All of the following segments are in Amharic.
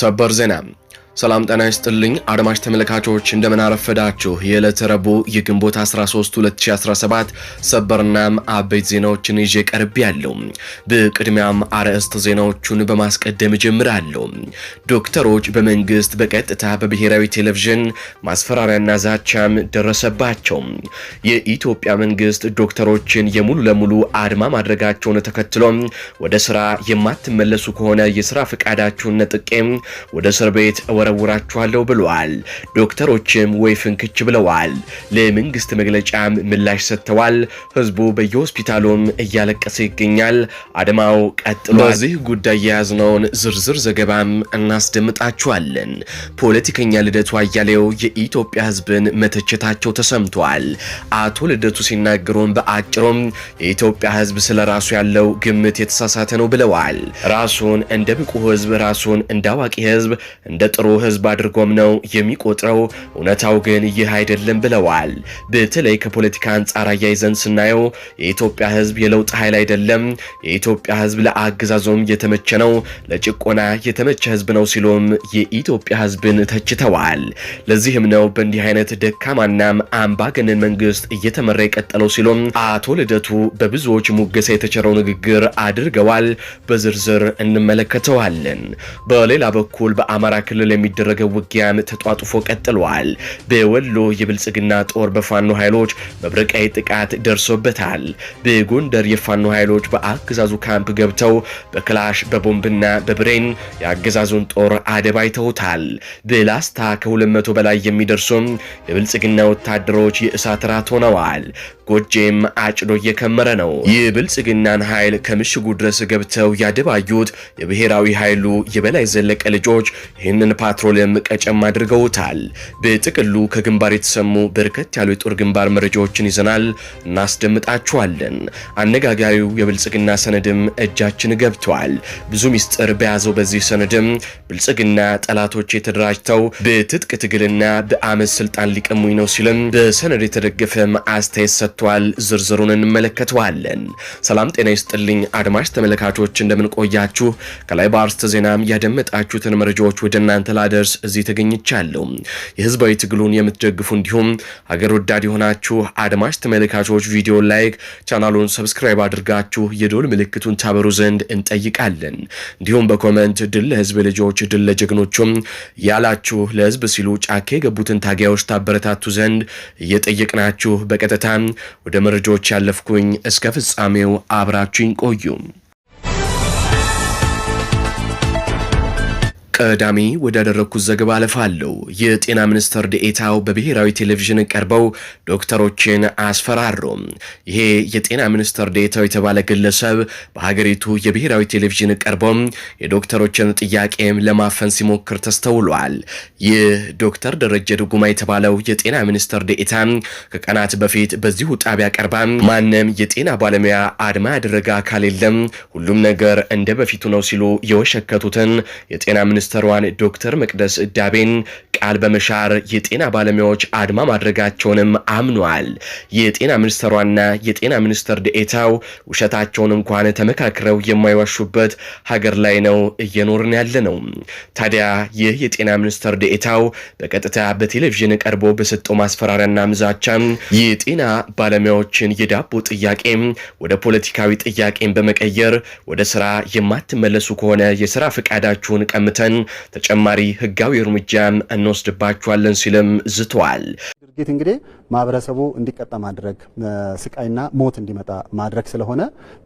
ሰበር ዜና ሰላም ጤና ይስጥልኝ አድማጭ ተመልካቾች፣ እንደምን አረፈዳችሁ። የዕለተ ረቡዕ የግንቦት 13 2017 ሰበርናም አበይት ዜናዎችን ይዤ ቀርብ ያለው። በቅድሚያም አርዕስት ዜናዎቹን በማስቀደም እጀምራለሁ። ዶክተሮች በመንግስት በቀጥታ በብሔራዊ ቴሌቪዥን ማስፈራሪያና ዛቻም ደረሰባቸው። የኢትዮጵያ መንግስት ዶክተሮችን የሙሉ ለሙሉ አድማ ማድረጋቸውን ተከትሎ ወደ ስራ የማትመለሱ ከሆነ የስራ ፈቃዳችሁን ነጥቄ ወደ እስር ቤት እወረውራችኋለሁ ብለዋል። ዶክተሮችም ወይ ፍንክች ብለዋል። ለመንግስት መግለጫም ምላሽ ሰጥተዋል። ህዝቡ በየሆስፒታሉም እያለቀሰ ይገኛል። አድማው ቀጥሏል። በዚህ ጉዳይ የያዝነውን ዝርዝር ዘገባም እናስደምጣችኋለን። ፖለቲከኛ ልደቱ አያሌው የኢትዮጵያ ህዝብን መተቸታቸው ተሰምቷል። አቶ ልደቱ ሲናገሩም በአጭሩም የኢትዮጵያ ህዝብ ስለ ራሱ ያለው ግምት የተሳሳተ ነው ብለዋል። ራሱን እንደ ብቁ ህዝብ፣ ራሱን እንደ አዋቂ ህዝብ፣ እንደ ጥሩ ህዝብ አድርጎም ነው የሚቆጥረው። እውነታው ግን ይህ አይደለም ብለዋል። በተለይ ከፖለቲካ አንጻር አያይዘን ስናየው የኢትዮጵያ ህዝብ የለውጥ ኃይል አይደለም፣ የኢትዮጵያ ህዝብ ለአገዛዞም የተመቸ ነው፣ ለጭቆና የተመቸ ህዝብ ነው ሲሉም የኢትዮጵያ ህዝብን ተችተዋል። ለዚህም ነው በእንዲህ አይነት ደካማናም አምባገነን መንግስት እየተመራ የቀጠለው ሲሉም አቶ ልደቱ በብዙዎች ሙገሳ የተቸረው ንግግር አድርገዋል። በዝርዝር እንመለከተዋለን። በሌላ በኩል በአማራ ክልል የሚደረገው ውጊያም ተጧጡፎ ቀጥሏል። በወሎ የብልጽግና ጦር በፋኖ ኃይሎች መብረቃዊ ጥቃት ደርሶበታል። በጎንደር የፋኖ ኃይሎች በአገዛዙ ካምፕ ገብተው በክላሽ በቦምብና በብሬን የአገዛዙን ጦር አደባይተውታል። በላስታ ከ200 በላይ የሚደርሱም የብልጽግና ወታደሮች የእሳት ራት ሆነዋል። ጎጄም አጭዶ እየከመረ ነው። የብልጽግናን ኃይል ከምሽጉ ድረስ ገብተው ያደባዩት የብሔራዊ ኃይሉ የበላይ ዘለቀ ልጆች ይህንን ፓ ፓትሮልም ቀጨም አድርገውታል። በጥቅሉ ከግንባር የተሰሙ በርከት ያሉ የጦር ግንባር መረጃዎችን ይዘናል፣ እናስደምጣችኋለን። አነጋጋሪው የብልጽግና ሰነድም እጃችን ገብቷል። ብዙ ሚስጥር በያዘው በዚህ ሰነድም ብልጽግና ጠላቶች የተደራጅተው በትጥቅ ትግልና በአመት ስልጣን ሊቀሙኝ ነው ሲልም በሰነድ የተደገፈም አስተያየት ሰጥቷል። ዝርዝሩን እንመለከተዋለን። ሰላም ጤና ይስጥልኝ አድማጭ ተመልካቾች እንደምንቆያችሁ ከላይ በአርስተ ዜናም ያደመጣችሁትን መረጃዎች ወደ እናንተ ለማደርስ እዚህ ተገኝቻለሁ። የህዝባዊ ትግሉን የምትደግፉ እንዲሁም ሀገር ወዳድ የሆናችሁ አድማጭ ተመልካቾች ቪዲዮ ላይክ፣ ቻናሉን ሰብስክራይብ አድርጋችሁ የዶል ምልክቱን ታበሩ ዘንድ እንጠይቃለን። እንዲሁም በኮመንት ድል ለህዝብ ልጆች፣ ድል ለጀግኖቹም ያላችሁ ለህዝብ ሲሉ ጫካ የገቡትን ታጋዮች ታበረታቱ ዘንድ እየጠየቅናችሁ በቀጥታ ወደ መረጃዎች ያለፍኩኝ እስከ ፍጻሜው አብራችሁኝ ቆዩ። ቀዳሚ ወዳደረግኩት ዘገባ አለፋለሁ። የጤና ሚኒስትር ዴኤታው በብሔራዊ ቴሌቪዥን ቀርበው ዶክተሮችን አስፈራሩ። ይሄ የጤና ሚኒስትር ዴኤታው የተባለ ግለሰብ በሀገሪቱ የብሔራዊ ቴሌቪዥን ቀርበው የዶክተሮችን ጥያቄም ለማፈን ሲሞክር ተስተውሏል። ይህ ዶክተር ደረጀ ድጉማ የተባለው የጤና ሚኒስትር ዴኤታ ከቀናት በፊት በዚሁ ጣቢያ ቀርባ ማንም የጤና ባለሙያ አድማ ያደረገ አካል የለም፣ ሁሉም ነገር እንደ በፊቱ ነው ሲሉ የወሸከቱትን የጤና ሚኒስትር ሚኒስትሯን ዶክተር መቅደስ ዳቤን ቃል በመሻር የጤና ባለሙያዎች አድማ ማድረጋቸውንም አምኗል። የጤና ሚኒስትሯና የጤና ሚኒስትር ደኤታው ውሸታቸውን እንኳን ተመካክረው የማይዋሹበት ሀገር ላይ ነው እየኖርን ያለ ነው። ታዲያ ይህ የጤና ሚኒስትር ዴኤታው በቀጥታ በቴሌቪዥን ቀርቦ በሰጠው ማስፈራሪያና ምዛቻ የጤና ባለሙያዎችን የዳቦ ጥያቄ ወደ ፖለቲካዊ ጥያቄን በመቀየር ወደ ስራ የማትመለሱ ከሆነ የስራ ፈቃዳችሁን ቀምተን አድርገን ተጨማሪ ህጋዊ እርምጃ እንወስድባቸዋለን ሲልም ዝተዋል። ድርጊት እንግዲህ ማህበረሰቡ እንዲቀጣ ማድረግ፣ ስቃይና ሞት እንዲመጣ ማድረግ ስለሆነ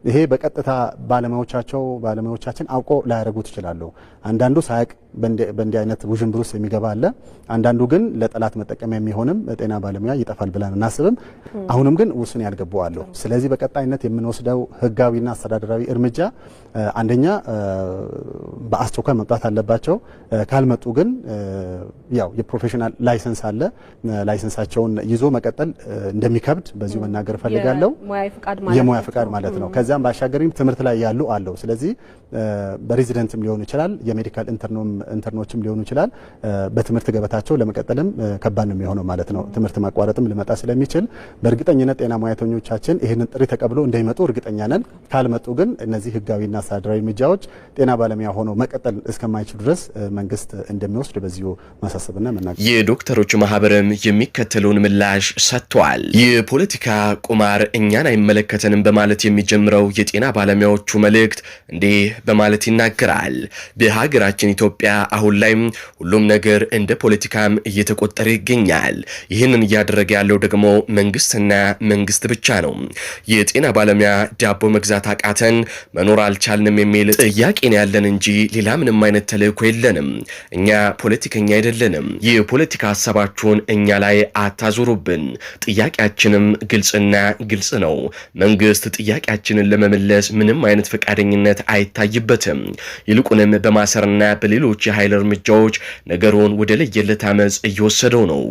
ይሄ በቀጥታ ባለሙያዎቻቸው ባለሙያዎቻችን አውቆ ላያደርጉት ይችላሉ። አንዳንዱ ሳያቅ በእንዲህ አይነት ውዥንብር ውስጥ የሚገባ አለ። አንዳንዱ ግን ለጠላት መጠቀሚያ የሚሆንም ጤና ባለሙያ ይጠፋል ብለን እናስብም። አሁንም ግን ውሱን ያልገቡ አሉ። ስለዚህ በቀጣይነት የምንወስደው ህጋዊና አስተዳደራዊ እርምጃ አንደኛ በአስቸኳይ መምጣት አለባቸው። ካልመጡ ግን ያው የፕሮፌሽናል ላይሰንስ አለ ላይሰንሳቸውን ይዞ መቀጠል እንደሚከብድ በዚሁ መናገር እፈልጋለሁ። የሙያ ፍቃድ ማለት ነው። ከዚያም ባሻገር ትምህርት ላይ ያሉ አለው። ስለዚህ በሬዚደንትም ሊሆኑ ይችላል፣ የሜዲካል ኢንተርኖችም ሊሆኑ ይችላል። በትምህርት ገበታቸው ለመቀጠልም ከባድ ነው የሚሆነው ማለት ነው። ትምህርት ማቋረጥም ሊመጣ ስለሚችል በእርግጠኝነት ጤና ሙያተኞቻችን ይህንን ጥሪ ተቀብሎ እንደሚመጡ እርግጠኛ ነን። ካልመጡ ግን እነዚህ ህጋዊና አስተዳደራዊ እርምጃዎች ጤና ባለሙያ ሆኖ መቀጠል እስከማይችሉ ድረስ መንግስት እንደሚወስድ በዚሁ ማሳሰብና መናገር የዶክተሮቹ ማህበርም የሚከተለውን ምላሽ ምላሽ ሰጥቷል። የፖለቲካ ቁማር እኛን አይመለከተንም በማለት የሚጀምረው የጤና ባለሙያዎቹ መልእክት እንዲህ በማለት ይናገራል። በሀገራችን ኢትዮጵያ አሁን ላይም ሁሉም ነገር እንደ ፖለቲካም እየተቆጠረ ይገኛል። ይህንን እያደረገ ያለው ደግሞ መንግስትና መንግስት ብቻ ነው። የጤና ባለሙያ ዳቦ መግዛት አቃተን መኖር አልቻልንም የሚል ጥያቄን ያለን እንጂ ሌላ ምንም አይነት ተልእኮ የለንም። እኛ ፖለቲከኛ አይደለንም። የፖለቲካ ሀሳባችሁን እኛ ላይ አታዙሩብን። አለብን። ጥያቄያችንም ግልጽና ግልጽ ነው። መንግስት ጥያቄያችንን ለመመለስ ምንም አይነት ፈቃደኝነት አይታይበትም። ይልቁንም በማሰርና በሌሎች የኃይል እርምጃዎች ነገሩን ወደ ለየለት አመፅ እየወሰደው ነው።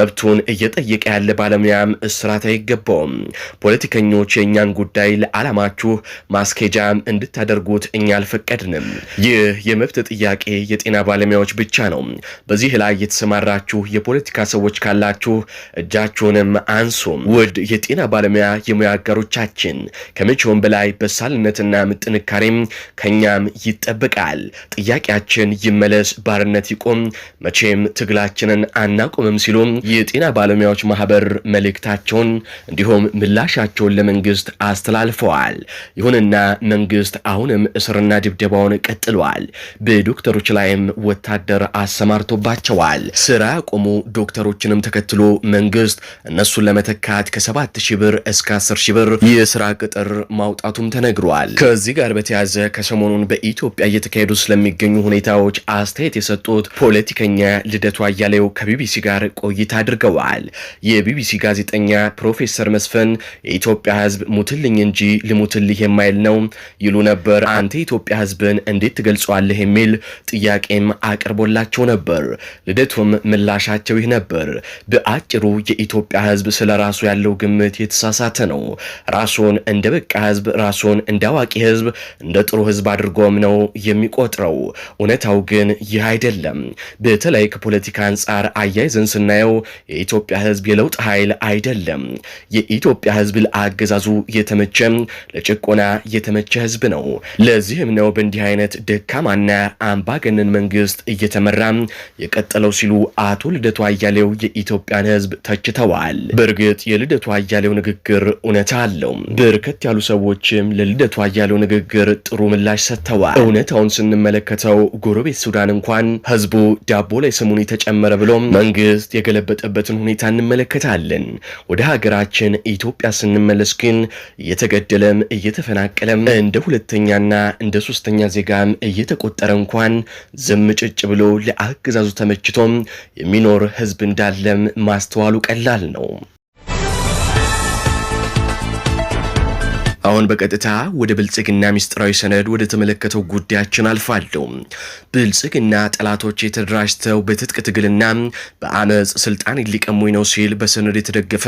መብቱን እየጠየቀ ያለ ባለሙያም እስራት አይገባውም። ፖለቲከኞች የእኛን ጉዳይ ለዓላማችሁ ማስኬጃም እንድታደርጉት እኛ አልፈቀድንም። ይህ የመብት ጥያቄ የጤና ባለሙያዎች ብቻ ነው። በዚህ ላይ የተሰማራችሁ የፖለቲካ ሰዎች ካላችሁ እጃ እጃችሁንም አንሱም። ውድ የጤና ባለሙያ የሙያ አጋሮቻችን ከመቼውም በላይ በሳልነትና ጥንካሬም ከኛም ይጠበቃል። ጥያቄያችን ይመለስ፣ ባርነት ይቆም፣ መቼም ትግላችንን አናቆምም ሲሉ የጤና ባለሙያዎች ማህበር መልእክታቸውን እንዲሁም ምላሻቸውን ለመንግስት አስተላልፈዋል። ይሁንና መንግስት አሁንም እስርና ድብደባውን ቀጥሏል። በዶክተሮች ላይም ወታደር አሰማርቶባቸዋል። ስራ ያቆሙ ዶክተሮችንም ተከትሎ መንግስት መንግስት እነሱን ለመተካት ከ7000 ብር እስከ 10000 ብር የስራ ቅጥር ማውጣቱም ተነግሯል። ከዚህ ጋር በተያያዘ ከሰሞኑን በኢትዮጵያ እየተካሄዱ ስለሚገኙ ሁኔታዎች አስተያየት የሰጡት ፖለቲከኛ ልደቱ አያሌው ከቢቢሲ ጋር ቆይታ አድርገዋል። የቢቢሲ ጋዜጠኛ ፕሮፌሰር መስፍን የኢትዮጵያ ህዝብ ሙትልኝ እንጂ ልሙትልህ የማይል ነው ይሉ ነበር። አንተ የኢትዮጵያ ህዝብን እንዴት ትገልጸዋለህ የሚል ጥያቄም አቅርቦላቸው ነበር። ልደቱም ምላሻቸው ይህ ነበር። በአጭሩ የኢትዮጵያ ህዝብ ስለ ራሱ ያለው ግምት የተሳሳተ ነው። ራሱን እንደ በቃ ህዝብ፣ ራሱን እንደ አዋቂ ህዝብ፣ እንደ ጥሩ ህዝብ አድርጎም ነው የሚቆጥረው። እውነታው ግን ይህ አይደለም። በተለይ ከፖለቲካ አንጻር አያይዘን ስናየው የኢትዮጵያ ህዝብ የለውጥ ኃይል አይደለም። የኢትዮጵያ ህዝብ ለአገዛዙ የተመቸ ለጭቆና የተመቸ ህዝብ ነው። ለዚህም ነው በእንዲህ አይነት ደካማና አምባገነን መንግስት እየተመራ የቀጠለው ሲሉ አቶ ልደቱ አያሌው የኢትዮጵያን ህዝብ ተች አመልክተዋል። በእርግጥ የልደቱ አያሌው ንግግር እውነታ አለው። በርከት ያሉ ሰዎችም ለልደቱ አያሌው ንግግር ጥሩ ምላሽ ሰጥተዋል። እውነታውን ስንመለከተው ጎረቤት ሱዳን እንኳን ህዝቡ ዳቦ ላይ ስሙን የተጨመረ ብሎም መንግስት የገለበጠበትን ሁኔታ እንመለከታለን። ወደ ሀገራችን ኢትዮጵያ ስንመለስ ግን እየተገደለም እየተፈናቀለም እንደ ሁለተኛና እንደ ሶስተኛ ዜጋም እየተቆጠረ እንኳን ዝም ጭጭ ብሎ ለአገዛዙ ተመችቶም የሚኖር ህዝብ እንዳለም ማስተዋሉ ቀላል ቀላል ነው። አሁን በቀጥታ ወደ ብልጽግና ሚስጥራዊ ሰነድ ወደ ተመለከተው ጉዳያችን አልፋለሁ። ብልጽግና ጠላቶች የተደራጅተው በትጥቅ ትግልና በአመፅ ስልጣን ሊቀሙኝ ነው ሲል በሰነድ የተደገፈ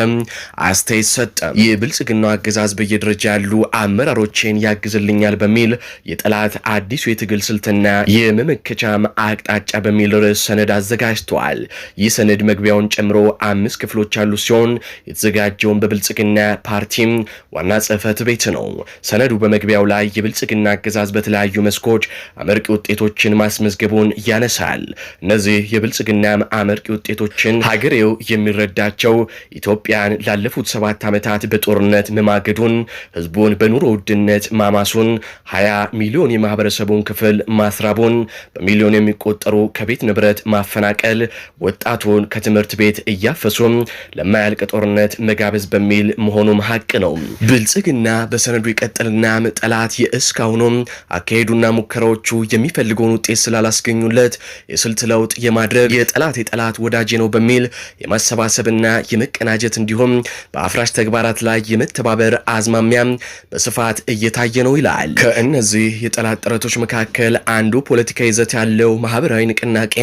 አስተያየት ሰጠ። የብልጽግናው አገዛዝ በየደረጃ ያሉ አመራሮችን ያግዝልኛል በሚል የጠላት አዲሱ የትግል ስልትና የመመከቻ አቅጣጫ በሚል ርዕስ ሰነድ አዘጋጅተዋል። ይህ ሰነድ መግቢያውን ጨምሮ አምስት ክፍሎች ያሉ ሲሆን የተዘጋጀውን በብልጽግና ፓርቲም ዋና ጽህፈት ቤት ውጤት ነው። ሰነዱ በመግቢያው ላይ የብልጽግና አገዛዝ በተለያዩ መስኮች አመርቂ ውጤቶችን ማስመዝገቡን ያነሳል። እነዚህ የብልጽግና አመርቂ ውጤቶችን ሀገሬው የሚረዳቸው ኢትዮጵያን ላለፉት ሰባት ዓመታት በጦርነት መማገዱን፣ ህዝቡን በኑሮ ውድነት ማማሱን፣ 20 ሚሊዮን የማህበረሰቡን ክፍል ማስራቡን፣ በሚሊዮን የሚቆጠሩ ከቤት ንብረት ማፈናቀል፣ ወጣቱን ከትምህርት ቤት እያፈሱም ለማያልቅ ጦርነት መጋበዝ በሚል መሆኑም ሀቅ ነው። ብልጽግና በሰነዱ ይቀጥልና ጠላት የእስካሁኑም አካሄዱና ሙከራዎቹ የሚፈልገውን ውጤት ስላላስገኙለት የስልት ለውጥ የማድረግ የጠላት የጠላት ወዳጄ ነው በሚል የማሰባሰብና የመቀናጀት እንዲሁም በአፍራሽ ተግባራት ላይ የመተባበር አዝማሚያም በስፋት እየታየ ነው ይላል። ከእነዚህ የጠላት ጥረቶች መካከል አንዱ ፖለቲካ ይዘት ያለው ማህበራዊ ንቅናቄ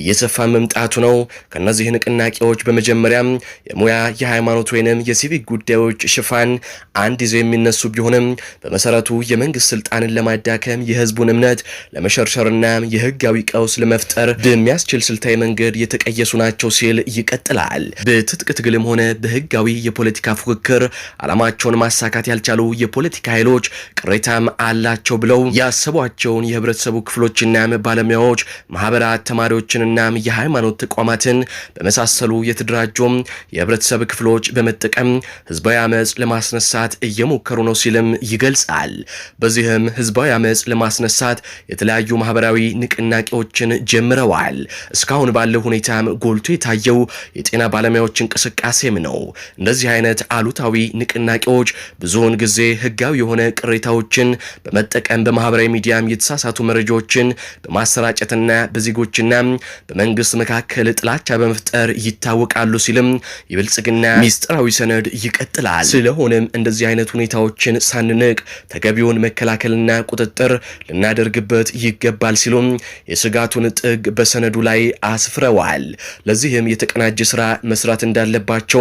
እየሰፋ መምጣቱ ነው። ከእነዚህ ንቅናቄዎች በመጀመሪያም የሙያ የሃይማኖት ወይንም የሲቪክ ጉዳዮች ሽፋን አንድ ይዘው የሚ የሚነሱ ቢሆንም በመሰረቱ የመንግስት ስልጣንን ለማዳከም የህዝቡን እምነት ለመሸርሸርና የህጋዊ ቀውስ ለመፍጠር በሚያስችል ስልታዊ መንገድ የተቀየሱ ናቸው ሲል ይቀጥላል። በትጥቅ ትግልም ሆነ በህጋዊ የፖለቲካ ፉክክር አላማቸውን ማሳካት ያልቻሉ የፖለቲካ ኃይሎች ቅሬታም አላቸው ብለው ያሰቧቸውን የህብረተሰቡ ክፍሎችና ባለሙያዎች፣ ማህበራት፣ ተማሪዎችንና የሃይማኖት ተቋማትን በመሳሰሉ የተደራጁም የህብረተሰብ ክፍሎች በመጠቀም ህዝባዊ አመፅ ለማስነሳት እየሞከሩ እየሞከሩ ነው ሲልም ይገልጻል። በዚህም ህዝባዊ አመፅ ለማስነሳት የተለያዩ ማህበራዊ ንቅናቄዎችን ጀምረዋል። እስካሁን ባለው ሁኔታም ጎልቶ የታየው የጤና ባለሙያዎች እንቅስቃሴም ነው። እንደዚህ አይነት አሉታዊ ንቅናቄዎች ብዙውን ጊዜ ህጋዊ የሆነ ቅሬታዎችን በመጠቀም በማህበራዊ ሚዲያም የተሳሳቱ መረጃዎችን በማሰራጨትና በዜጎችና በመንግስት መካከል ጥላቻ በመፍጠር ይታወቃሉ ሲልም የብልጽግና ሚስጥራዊ ሰነድ ይቀጥላል። ስለሆነም እንደዚህ አይነት ሁኔታ ሁኔታዎችን ሳንንቅ ተገቢውን መከላከልና ቁጥጥር ልናደርግበት ይገባል ሲሉም የስጋቱን ጥግ በሰነዱ ላይ አስፍረዋል። ለዚህም የተቀናጀ ስራ መስራት እንዳለባቸው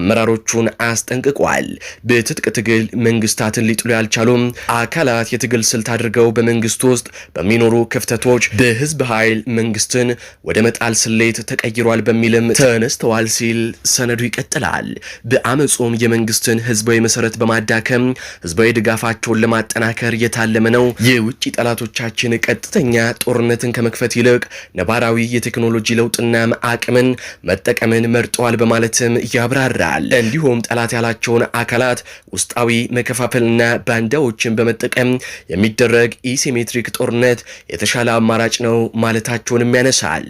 አመራሮቹን አስጠንቅቋል። በትጥቅ ትግል መንግስታትን ሊጥሉ ያልቻሉም አካላት የትግል ስልት አድርገው በመንግስት ውስጥ በሚኖሩ ክፍተቶች በህዝብ ኃይል መንግስትን ወደ መጣል ስሌት ተቀይሯል በሚልም ተነስተዋል ሲል ሰነዱ ይቀጥላል። በአመፁም የመንግስትን ህዝባዊ መሰረት በማዳከል በመሸከም ህዝባዊ ድጋፋቸውን ለማጠናከር እየታለመ ነው። የውጭ ጠላቶቻችን ቀጥተኛ ጦርነትን ከመክፈት ይልቅ ነባራዊ የቴክኖሎጂ ለውጥና አቅምን መጠቀምን መርጠዋል በማለትም ያብራራል። እንዲሁም ጠላት ያላቸውን አካላት ውስጣዊ መከፋፈልና ባንዳዎችን በመጠቀም የሚደረግ ኢሲሜትሪክ ጦርነት የተሻለ አማራጭ ነው ማለታቸውንም ያነሳል።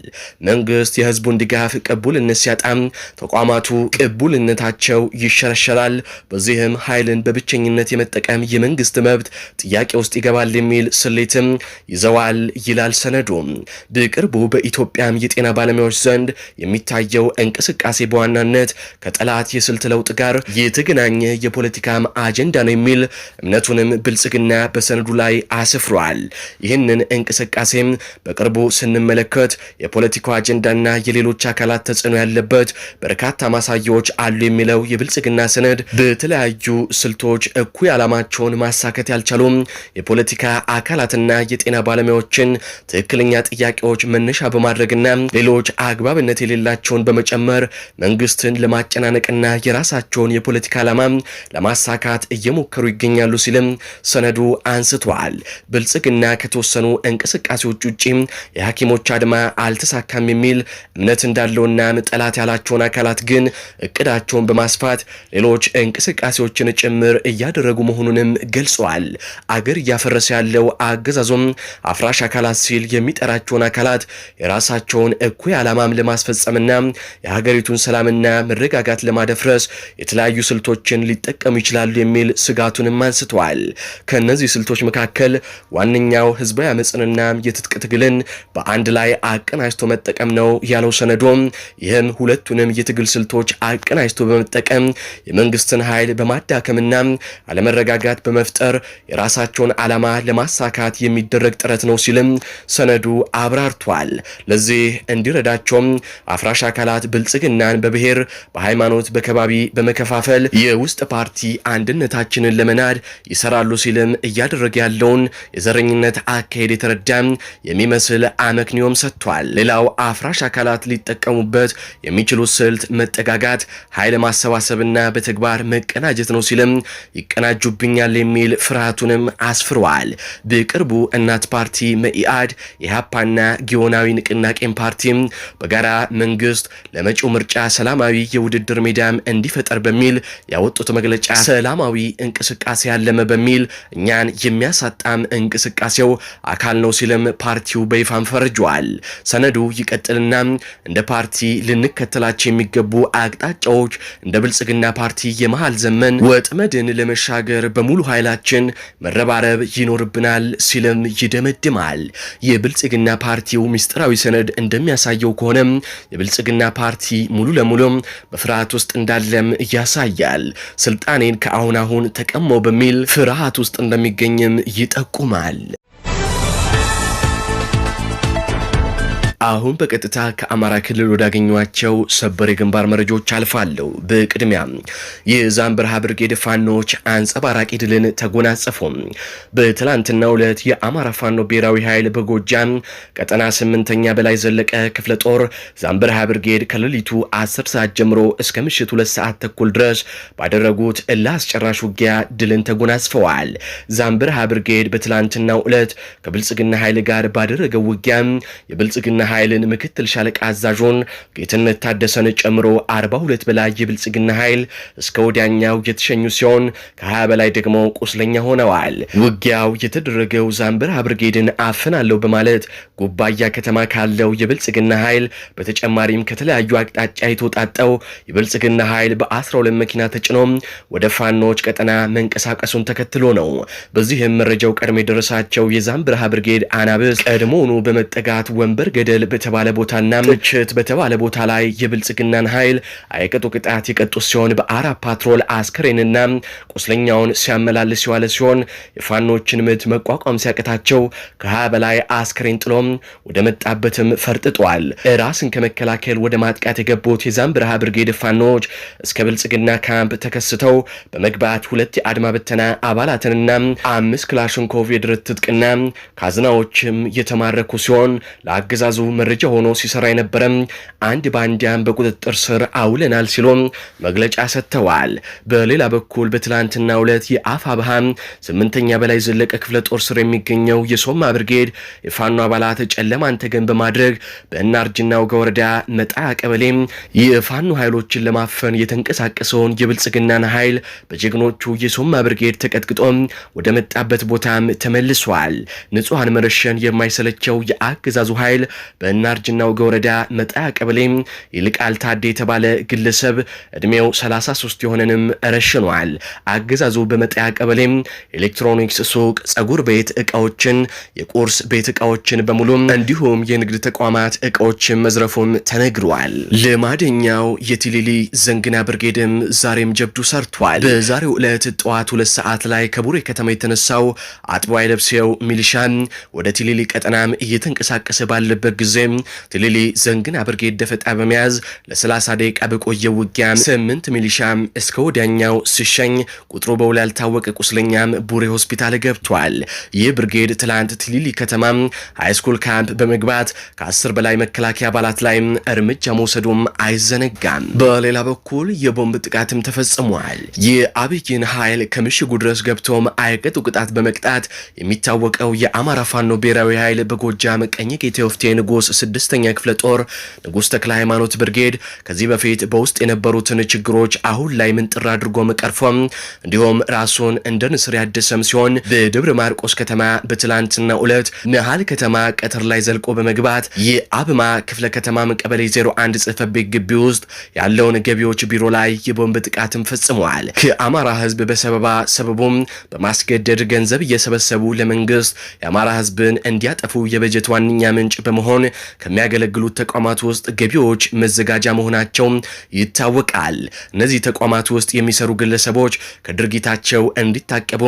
መንግስት የህዝቡን ድጋፍ ቅቡልነት ሲያጣም ተቋማቱ ቅቡልነታቸው ይሸረሸራል። በዚህም ኃይልን በብቻ በብቸኝነት የመጠቀም የመንግስት መብት ጥያቄ ውስጥ ይገባል የሚል ስሌትም ይዘዋል ይላል ሰነዱ። በቅርቡ በኢትዮጵያም የጤና ባለሙያዎች ዘንድ የሚታየው እንቅስቃሴ በዋናነት ከጠላት የስልት ለውጥ ጋር የተገናኘ የፖለቲካም አጀንዳ ነው የሚል እምነቱንም ብልጽግና በሰነዱ ላይ አስፍሯል። ይህንን እንቅስቃሴም በቅርቡ ስንመለከት የፖለቲካው አጀንዳና የሌሎች አካላት ተጽዕኖ ያለበት በርካታ ማሳያዎች አሉ የሚለው የብልጽግና ሰነድ በተለያዩ ስልቶች ሰዎች እኩይ ዓላማቸውን ማሳከት ያልቻሉም የፖለቲካ አካላትና የጤና ባለሙያዎችን ትክክለኛ ጥያቄዎች መነሻ በማድረግና ሌሎች አግባብነት የሌላቸውን በመጨመር መንግስትን ለማጨናነቅና የራሳቸውን የፖለቲካ ዓላማ ለማሳካት እየሞከሩ ይገኛሉ ሲልም ሰነዱ አንስተዋል። ብልጽግና ከተወሰኑ እንቅስቃሴዎች ውጭ የሐኪሞች አድማ አልተሳካም የሚል እምነት እንዳለውና ጠላት ያላቸውን አካላት ግን እቅዳቸውን በማስፋት ሌሎች እንቅስቃሴዎችን ጭምር እያደረጉ መሆኑንም ገልጸዋል። አገር እያፈረሰ ያለው አገዛዞም አፍራሽ አካላት ሲል የሚጠራቸውን አካላት የራሳቸውን እኩይ ዓላማም ለማስፈጸምና የሀገሪቱን ሰላምና መረጋጋት ለማደፍረስ የተለያዩ ስልቶችን ሊጠቀሙ ይችላሉ የሚል ስጋቱንም አንስተዋል። ከእነዚህ ስልቶች መካከል ዋነኛው ህዝባዊ አመፅንና የትጥቅ ትግልን በአንድ ላይ አቀናጅቶ መጠቀም ነው ያለው ሰነዶም። ይህም ሁለቱንም የትግል ስልቶች አቀናጅቶ በመጠቀም የመንግስትን ኃይል በማዳከምና አለመረጋጋት በመፍጠር የራሳቸውን ዓላማ ለማሳካት የሚደረግ ጥረት ነው ሲልም ሰነዱ አብራርቷል። ለዚህ እንዲረዳቸውም አፍራሽ አካላት ብልጽግናን በብሔር በሃይማኖት፣ በከባቢ በመከፋፈል የውስጥ ፓርቲ አንድነታችንን ለመናድ ይሰራሉ ሲልም እያደረገ ያለውን የዘረኝነት አካሄድ የተረዳም የሚመስል አመክንዮም ሰጥቷል። ሌላው አፍራሽ አካላት ሊጠቀሙበት የሚችሉት ስልት መጠጋጋት፣ ኃይል ማሰባሰብና በተግባር መቀናጀት ነው ሲልም ይቀናጁብኛል የሚል ፍርሃቱንም አስፍሯል። በቅርቡ እናት ፓርቲ መኢአድ፣ የሃፓና ጊዮናዊ ንቅናቄን ፓርቲም በጋራ መንግስት ለመጪው ምርጫ ሰላማዊ የውድድር ሜዳም እንዲፈጠር በሚል ያወጡት መግለጫ ሰላማዊ እንቅስቃሴ ያለመ በሚል እኛን የሚያሳጣም እንቅስቃሴው አካል ነው ሲልም ፓርቲው በይፋም ፈርጇል። ሰነዱ ይቀጥልና እንደ ፓርቲ ልንከተላቸው የሚገቡ አቅጣጫዎች እንደ ብልጽግና ፓርቲ የመሃል ዘመን ወጥመድን ለመሻገር በሙሉ ኃይላችን መረባረብ ይኖርብናል ሲልም ይደመድማል። የብልጽግና ፓርቲው ምስጢራዊ ሰነድ እንደሚያሳየው ከሆነም የብልጽግና ፓርቲ ሙሉ ለሙሉ በፍርሃት ውስጥ እንዳለም ያሳያል። ስልጣኔን ከአሁን አሁን ተቀመው በሚል ፍርሃት ውስጥ እንደሚገኝም ይጠቁማል። አሁን በቀጥታ ከአማራ ክልል ወዳገኟቸው ሰበር የግንባር መረጃዎች አልፋለሁ። በቅድሚያ የዛምብርሃ ብርጌድ ፋኖች አንጸባራቂ ድልን ተጎናጸፉ። በትላንትናው ዕለት የአማራ ፋኖ ብሔራዊ ኃይል በጎጃም ቀጠና ስምንተኛ በላይ ዘለቀ ክፍለ ጦር ዛምብርሃ ብርጌድ ከሌሊቱ 10 ሰዓት ጀምሮ እስከ ምሽት ሁለት ሰዓት ተኩል ድረስ ባደረጉት እልህ አስጨራሽ ውጊያ ድልን ተጎናጽፈዋል። ዛምብርሃ ብርጌድ በትላንትናው ዕለት ከብልጽግና ኃይል ጋር ባደረገው ውጊያ የብልጽግና ኃይልን ምክትል ሻለቃ አዛዡን ጌትነት ታደሰን ጨምሮ 42 በላይ የብልጽግና ኃይል እስከ ወዲያኛው የተሸኙ ሲሆን ከ20 በላይ ደግሞ ቁስለኛ ሆነዋል። ውጊያው የተደረገው ዛምብራ ብርጌድን አፍናለሁ በማለት ጉባያ ከተማ ካለው የብልጽግና ኃይል በተጨማሪም ከተለያዩ አቅጣጫ የተውጣጣው የብልጽግና ኃይል በ12 መኪና ተጭኖም ወደ ፋኖች ቀጠና መንቀሳቀሱን ተከትሎ ነው። በዚህም መረጃው ቀድሞ የደረሳቸው የዛምብርሃ ብርጌድ አናብስ ቀድሞውኑ በመጠጋት ወንበር ገደል በተባለ ቦታና ምችት በተባለ ቦታ ላይ የብልጽግናን ኃይል አይቀጡ ቅጣት የቀጡ ሲሆን በአራ ፓትሮል አስከሬንና ቁስለኛውን ሲያመላልስ የዋለ ሲሆን የፋኖችን ምት መቋቋም ሲያቅታቸው ከሀያ በላይ አስከሬን ጥሎም ወደ መጣበትም ፈርጥጧል። ራስን ከመከላከል ወደ ማጥቃት የገቡት የዛምብረሃ ብርጌድ ፋኖች እስከ ብልጽግና ካምፕ ተከስተው በመግባት ሁለት የአድማ ብተና አባላትንና አምስት ክላሽንኮቭ የድረት ትጥቅና ካዝናዎችም የተማረኩ ሲሆን ለአገዛዙ መረጃ ሆኖ ሲሰራ የነበረ አንድ ባንዲያን በቁጥጥር ስር አውለናል ሲሎም መግለጫ ሰጥተዋል። በሌላ በኩል በትላንትና ሁለት የአፋ አብሃ ስምንተኛ በላይ ዘለቀ ክፍለ ጦር ስር የሚገኘው የሶማ ብርጌድ የፋኖ አባላት ጨለማን ተገን በማድረግ በእናርጅና ውጋ ወረዳ መጣ ቀበሌ የፋኖ ኃይሎችን ለማፈን የተንቀሳቀሰውን የብልጽግናን ኃይል በጀግኖቹ የሶማ ብርጌድ ተቀጥቅጦም ወደ መጣበት ቦታም ተመልሷል። ንጹሐን መረሸን የማይሰለቸው የአገዛዙ ኃይል በእናርጅና ውገ ወረዳ መጣያ ቀበሌ ይልቃል ታዴ የተባለ ግለሰብ ዕድሜው 33 የሆነንም ረሽኗል። አገዛዙ በመጣያ ቀበሌ ኤሌክትሮኒክስ ሱቅ፣ ጸጉር ቤት እቃዎችን፣ የቁርስ ቤት እቃዎችን በሙሉ እንዲሁም የንግድ ተቋማት እቃዎችን መዝረፉም ተነግሯል። ልማደኛው የቲሊሊ ዘንግና ብርጌድም ዛሬም ጀብዱ ሰርቷል። በዛሬው ዕለት ጠዋት ሁለት ሰዓት ላይ ከቡሬ ከተማ የተነሳው አጥቦ አይለብሴው ሚሊሻ ወደ ቲሊሊ ቀጠናም እየተንቀሳቀሰ ባለበት ጊዜ ጊዜ ትልሊ ዘንግና ብርጌድ ደፈጣ በመያዝ ለ30 ደቂቃ በቆየ ውጊያ ስምንት ሚሊሻም እስከ ወዲያኛው ሲሸኝ ቁጥሩ በውል ያልታወቀ ቁስለኛም ቡሬ ሆስፒታል ገብቷል። ይህ ብርጌድ ትላንት ትልሊ ከተማ ሃይስኩል ካምፕ በመግባት ከ ከ10 በላይ መከላከያ አባላት ላይ እርምጃ መውሰዱም አይዘነጋም። በሌላ በኩል የቦምብ ጥቃትም ተፈጽሟል። የአብይን ኃይል ከምሽጉ ድረስ ገብቶም አይቀጡ ቅጣት በመቅጣት የሚታወቀው የአማራ ፋኖ ብሔራዊ ኃይል በጎጃም ቀኝ ጌቴዎፍቴ ንጉ ንጉስ ስድስተኛ ክፍለ ጦር ንጉስ ተክለ ሃይማኖት ብርጌድ ከዚህ በፊት በውስጥ የነበሩትን ችግሮች አሁን ላይ ምንጥር አድርጎ መቀርፎም እንዲሁም ራሱን እንደ ንስር ያደሰም ሲሆን በደብረ ማርቆስ ከተማ በትላንትና ዕለት መሃል ከተማ ቀትር ላይ ዘልቆ በመግባት የአብማ ክፍለ ከተማ መቀበሌ 01 ጽህፈት ቤት ግቢ ውስጥ ያለውን ገቢዎች ቢሮ ላይ የቦምብ ጥቃትም ፈጽመዋል። ከአማራ ህዝብ በሰበባ ሰበቡም በማስገደድ ገንዘብ እየሰበሰቡ ለመንግስት የአማራ ህዝብን እንዲያጠፉ የበጀት ዋነኛ ምንጭ በመሆን ሲሆን ከሚያገለግሉት ተቋማት ውስጥ ገቢዎች መዘጋጃ መሆናቸው ይታወቃል። እነዚህ ተቋማት ውስጥ የሚሰሩ ግለሰቦች ከድርጊታቸው እንዲታቀቡ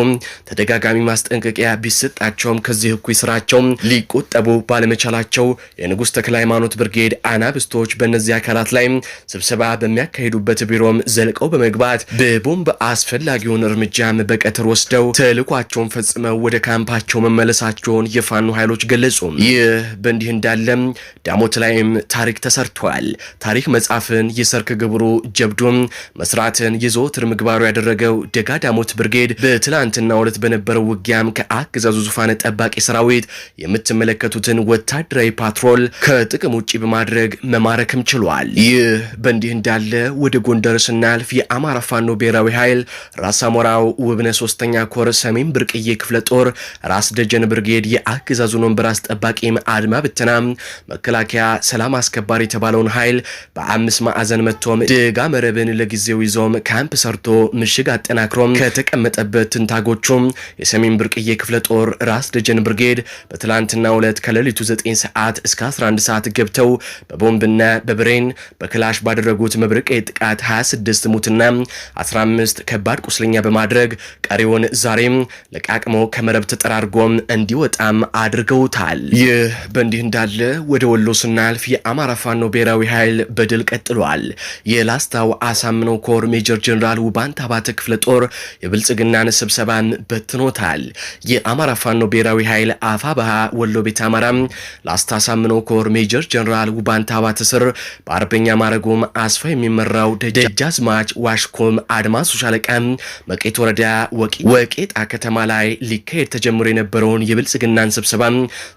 ተደጋጋሚ ማስጠንቀቂያ ቢሰጣቸውም ከዚህ እኩይ ስራቸው ሊቆጠቡ ባለመቻላቸው የንጉሥ ተክለ ሃይማኖት ብርጌድ አናብስቶች በእነዚህ አካላት ላይ ስብሰባ በሚያካሂዱበት ቢሮም ዘልቀው በመግባት በቦምብ አስፈላጊውን እርምጃም በቀትር ወስደው ተልኳቸውን ፈጽመው ወደ ካምፓቸው መመለሳቸውን የፋኖ ኃይሎች ገለጹ። ይህ በእንዲህ እንዳለ አይደለም ዳሞት ላይም ታሪክ ተሰርቷል። ታሪክ መጻፍን የሰርክ ግብሩ ጀብዱም መስራትን የዘወትር ምግባሩ ያደረገው ደጋ ዳሞት ብርጌድ በትላንትና ዕለት በነበረው ውጊያም ከአገዛዙ ዙፋን ጠባቂ ሰራዊት የምትመለከቱትን ወታደራዊ ፓትሮል ከጥቅም ውጭ በማድረግ መማረክም ችሏል። ይህ በእንዲህ እንዳለ ወደ ጎንደር ስናልፍ የአማራ ፋኖ ብሔራዊ ኃይል ራስ አሞራው ውብነ ሶስተኛ ኮር ሰሜን ብርቅዬ ክፍለ ጦር ራስ ደጀን ብርጌድ የአገዛዙን ወንበር አስጠባቂም አድማ ብትናም መከላከያ ሰላም አስከባሪ የተባለውን ኃይል በአምስት ማዕዘን መጥቶም ድጋ መረብን ለጊዜው ይዞም ካምፕ ሰርቶ ምሽግ አጠናክሮም ከተቀመጠበት ትንታጎቹም የሰሜን ብርቅዬ ክፍለ ጦር ራስ ደጀን ብርጌድ በትላንትና ሁለት ከሌሊቱ 9 ሰዓት እስከ 11 ሰዓት ገብተው በቦምብና በብሬን በክላሽ ባደረጉት መብረቂያ ጥቃት 26 ሙትና 15 ከባድ ቁስለኛ በማድረግ ቀሪውን ዛሬም ለቃቅሞ ከመረብ ተጠራርጎም እንዲወጣም አድርገውታል። ይህ በእንዲህ እንዳለ ወደ ወሎ ስናልፍ የአማራ ፋኖ ብሔራዊ ኃይል በድል ቀጥሏል። የላስታው አሳምነው ኮር ሜጀር ጀኔራል ውባንት አባተ ክፍለ ጦር የብልጽግናን ስብሰባን በትኖታል። የአማራ ፋኖ ብሔራዊ ኃይል አፋ ባሃ ወሎ ቤት አማራም ላስታ አሳምነው ኮር ሜጀር ጀኔራል ውባንት አባተ ስር በአርበኛ ማረጎም አስፋ የሚመራው ደጃዝማች ዋሽኮም አድማሱ ሻለቃም መቄት ወረዳ ወቄጣ ከተማ ላይ ሊካሄድ ተጀምሮ የነበረውን የብልጽግናን ስብሰባ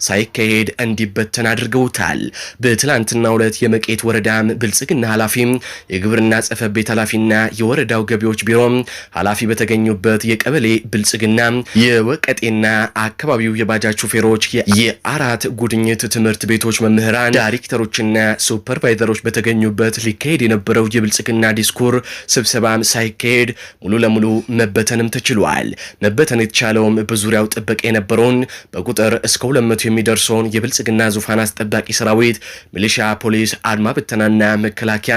ሳይካሄድ እንዲበተናል አድርገውታል። በትላንትና ሁለት የመቄት ወረዳም ብልጽግና ኃላፊ የግብርና ጽህፈት ቤት ኃላፊና የወረዳው ገቢዎች ቢሮ ኃላፊ በተገኙበት የቀበሌ ብልጽግና የወቀጤና አካባቢው የባጃጅ ሾፌሮች የአራት ጉድኝት ትምህርት ቤቶች መምህራን ዳይሬክተሮችና ሱፐርቫይዘሮች በተገኙበት ሊካሄድ የነበረው የብልጽግና ዲስኩር ስብሰባም ሳይካሄድ ሙሉ ለሙሉ መበተንም ተችሏል። መበተን የተቻለውም በዙሪያው ጥበቃ የነበረውን በቁጥር እስከ 200 የሚደርሰውን የብልጽግና ዙፋና አስጠባቂ ሰራዊት፣ ሚሊሻ፣ ፖሊስ፣ አድማ ብተናና መከላከያ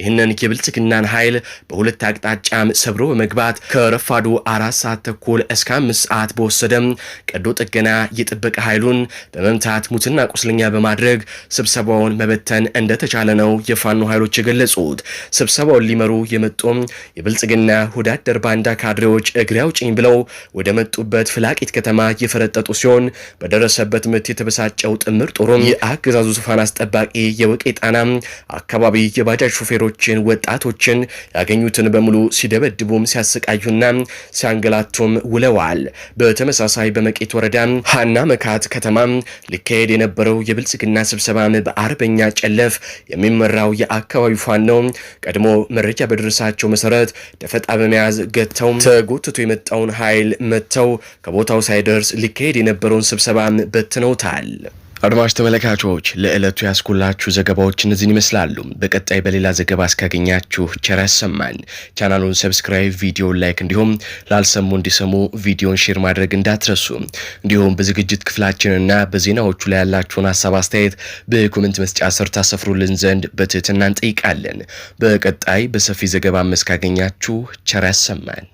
ይህንን የብልጽግናን ኃይል በሁለት አቅጣጫ ሰብሮ በመግባት ከረፋዱ አራት ሰዓት ተኩል እስከ አምስት ሰዓት በወሰደም ቀዶ ጥገና የጥበቃ ኃይሉን በመምታት ሙትና ቁስለኛ በማድረግ ስብሰባውን መበተን እንደተቻለ ነው የፋኖ ኃይሎች የገለጹት። ስብሰባውን ሊመሩ የመጡም የብልጽግና ወዳደር ባንዳ ካድሬዎች እግሬ አውጭኝ ብለው ወደ መጡበት ፍላቂት ከተማ የፈረጠጡ ሲሆን በደረሰበት ምት የተበሳጨው ጥምር ጦሩም የአገዛዙ ዙፋን አስጠባቂ የወቄ ጣና አካባቢ የባጃጅ ሾፌሮችን፣ ወጣቶችን ያገኙትን በሙሉ ሲደበድቡም ሲያሰቃዩና ሲያንገላቱም ውለዋል። በተመሳሳይ በመቄት ወረዳ ሀና መካት ከተማ ሊካሄድ የነበረው የብልጽግና ስብሰባም በአርበኛ ጨለፍ የሚመራው የአካባቢ ፋኖ ቀድሞ መረጃ በደረሳቸው መሰረት ደፈጣ በመያዝ ገተው ተጎትቶ የመጣውን ኃይል መተው ከቦታው ሳይደርስ ሊካሄድ የነበረውን ስብሰባም በትነውታል። አድማጭ ተመለካቾች ለዕለቱ ያስኩላችሁ ዘገባዎች እነዚህን ይመስላሉ። በቀጣይ በሌላ ዘገባ እስካገኛችሁ ቸር ያሰማን። ቻናሉን ሰብስክራይብ፣ ቪዲዮን ላይክ እንዲሁም ላልሰሙ እንዲሰሙ ቪዲዮን ሼር ማድረግ እንዳትረሱ። እንዲሁም በዝግጅት ክፍላችንና በዜናዎቹ ላይ ያላችሁን ሀሳብ አስተያየት በኮሜንት መስጫ ስር ታሰፍሩልን ዘንድ በትህትና እንጠይቃለን። በቀጣይ በሰፊ ዘገባ እስካገኛችሁ ቸር ያሰማን።